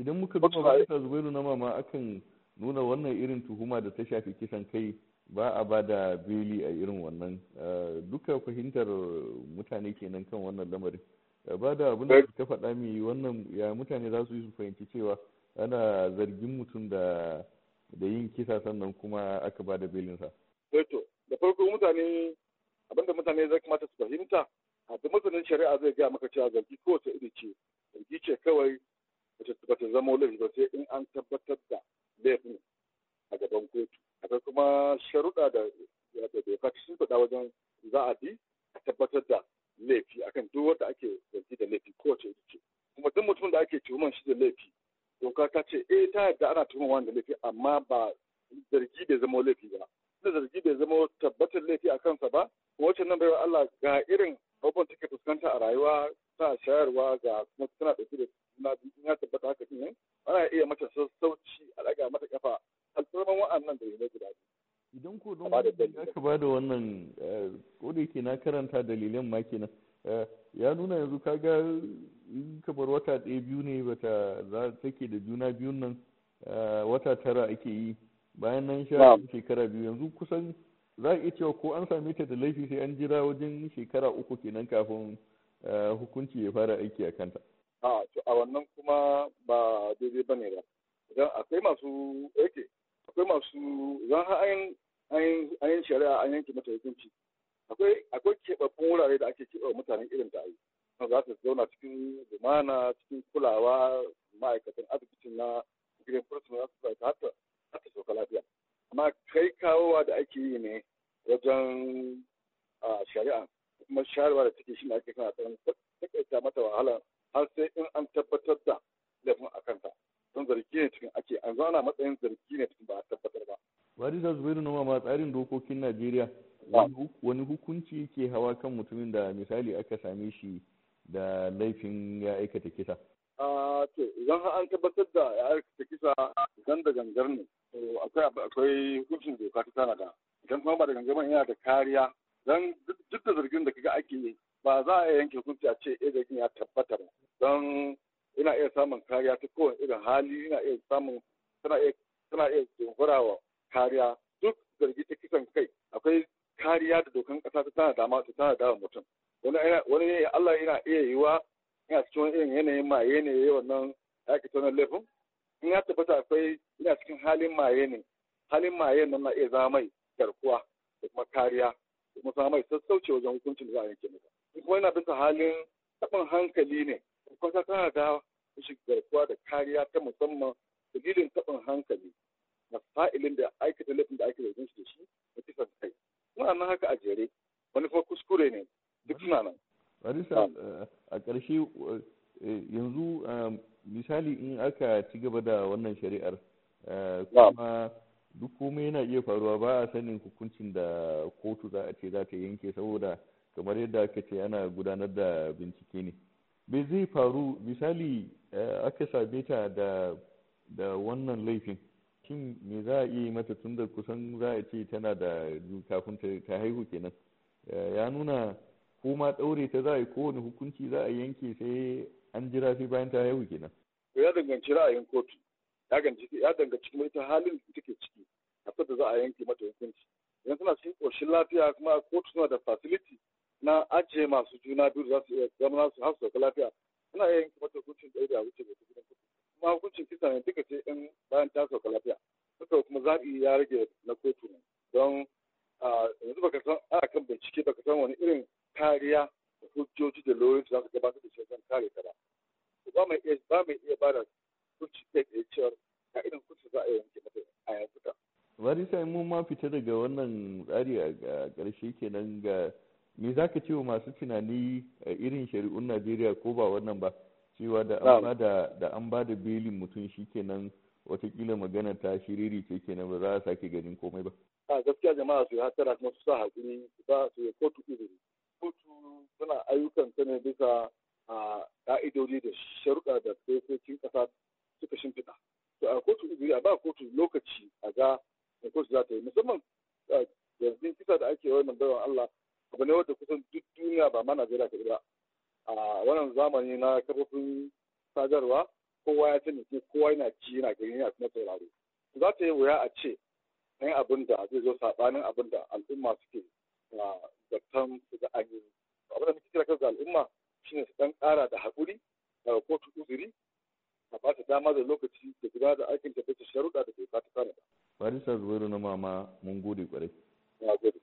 idan muka duba ba zubairu na mama akan nuna wannan irin tuhuma da ta shafi kisan kai ba a ba da beli a irin wannan eh, duka fahimtar mutane kenan kan wannan lamarin eh, ba da abin da ta faɗa mai wannan ya mutane za su yi su fahimci cewa ana zargin mutum da da yin kisa sannan kuma aka ba da belinsa. Eh, da farko mutane da mutane zai kamata su fahimta, a duk masanin shari'a zai gaya maka cewa zargi kowace iri ce, zargi ce kawai ba ta zama laifi ba sai in an tabbatar da laifin a gaban kotu akwai kuma sharuɗa da da doka ta faɗa wajen za a bi a tabbatar da laifi akan duk wanda ake zargi da laifi kowace ita ce kuma duk mutum da ake tuhuman shi da laifi doka ta ce eh ta yadda ana tuhuman wanda laifi amma ba zargi bai zama laifi ba da zargi bai zama tabbatar laifi a kansa ba wacce nan baiwa Allah ga irin abubuwan take fuskanta a rayuwa ta shayarwa ga kuma suna ɗauke da mata sassauci a daga mata kafa alfarman wa'annan da yanzu guda idan ko don ka ba eh, da wannan kodai ke na karanta dalilan ma eh, ya nuna yanzu ka ga kamar wata ɗaya biyu ne bata za ke da juna biyun nan eh, wata tara ake yi bayan nan sha shekara biyu yanzu kusan za a iya cewa ko an same ta da laifi sai an jira wajen shekara uku kenan kafin hukunci ya fara aiki a kanta a to a wannan kuma ba daidai bane ba idan akwai masu yake akwai masu zan ha an ayin shari'a an yanke mata hukunci akwai akwai keɓaɓɓun wurare da ake keɓe mutanen irin da ayi za su zauna cikin lumana cikin kulawa ma'aikatan asibitin na gidan kursu za su ta hatta hatta sauka lafiya amma kai kawowa da ake yi ne wajen shari'a kuma sharewa da take shi ne ake kana tsaron takaita mata wahala har sai in an tabbatar da laifin a kanta, don zargi ne cikin ake an zauna matsayin zargi ne cikin ba a tabbatar ba. Wari da Zubairu Noma ma tsarin dokokin Najeriya wani hukunci ke hawa kan mutumin da misali aka same shi da laifin ya aikata kisa. A zan idan an tabbatar da ya aikata kisa idan da gangar ne akwai akwai hukuncin doka ta da idan kuma ba da gangar yana da kariya dan duk da zargin da kaga ake yi ba za a yanke hukunci a ce eh zargin ya tabbata ba don ina iya samun kariya ta kowane irin hali ina iya samun tana iya tana iya kariya duk zargi ta kisan kai akwai kariya da dokan kasa ta tana dama ta tana dama mutum wani ne Allah yana iya yiwa ina cikin wani irin yanayin maye ne yayi wannan yaki tonar laifin in ya tabbata akwai ina cikin halin maye ne halin maye nan na iya zama mai garkuwa da kuma kariya da kuma zama mai sassauce wajen hukuncin da za a yanke masa in kuma ina bisa halin taɓin hankali ne kwasa tana da rashin garkuwa da kariya ta musamman dalilin taɓin hankali na fa'ilin da aikata laifin da ake zargin shi da shi da kisan kai kuma amma haka a jere wani fa kuskure ne duk suna nan. Barisa eh, a ƙarshe eh, yanzu eh, misali in aka ci gaba da wannan shari'ar kuma duk komai yana iya faruwa ba a sanin hukuncin da kotu za a ce za ta yanke saboda kamar yadda aka ce ana gudanar da bincike ne. bai zai faru misali eh, aka same ta da wannan laifin shin me za a iya mata tun da kusan za a ce tana da kafin ta haihu kenan eh, ya nuna ko ma ɗaure ta za a yi kowane hukunci za a yanke sai an jira sai bayan ta haihu kenan ya danganci ra'ayin kotu ya danganci kuma ita halin da take ciki a da za a yanke mata hukunci idan tana cikin koshin lafiya kuma kotu suna da facility na ajiye masu juna biyu za su iya zama su har lafiya ana iya yanke mata hukuncin ɗaya da wuce da gidan kuɗi kuma hukuncin kisa ne duka ce in bayan ta sauka lafiya haka kuma zaɓi ya rage na kotu ne don yanzu baka san ana kan bincike baka san wani irin kariya da hujjoji da su za su gabatar da shi kan kare ka ba ba mai iya ba mai iya bada hukunci ɗaya da ciyar ka irin kuɗi za a yanke mata a yankuta. Bari sai mun ma fita daga wannan tsari a ƙarshe kenan ga me za ka ce wa masu tunani a eh, irin shari'un najeriya ko ba wannan ba cewa da an ba da belin mutum shi kenan watakila magana ta shiriri ce kenan ba za a sake ganin komai ba a gaskiya jama'a su yi kuma su sa hakuri su ba su yi kotu izini kotu suna ayyukan ta ne bisa a ka'idodi da sharuɗa da sojojin ƙasa suka shimfiɗa to a kotu izini a ba kotu lokaci a ga ko kotu za ta yi musamman yanzu kisa da ake wannan baiwa Allah abu ne wanda kusan duk duniya ba ma Najeriya ta ba a wannan zamani na kafofin sadarwa kowa ya sani ko kowa yana ci yana gani yana kuma sauraro za ta yi wuya a ce ɗan abin da zai zo saɓanin abin da al'umma suke zartan su ga an yi abin da muke kira kan al'umma shine su ɗan ƙara da haƙuri daga kotu uzuri a ba ta dama da lokaci da guda da aikin da ta sharuɗa da ba ta ba. Farisa Zubairu na mama mun gode kwarai. Na gode.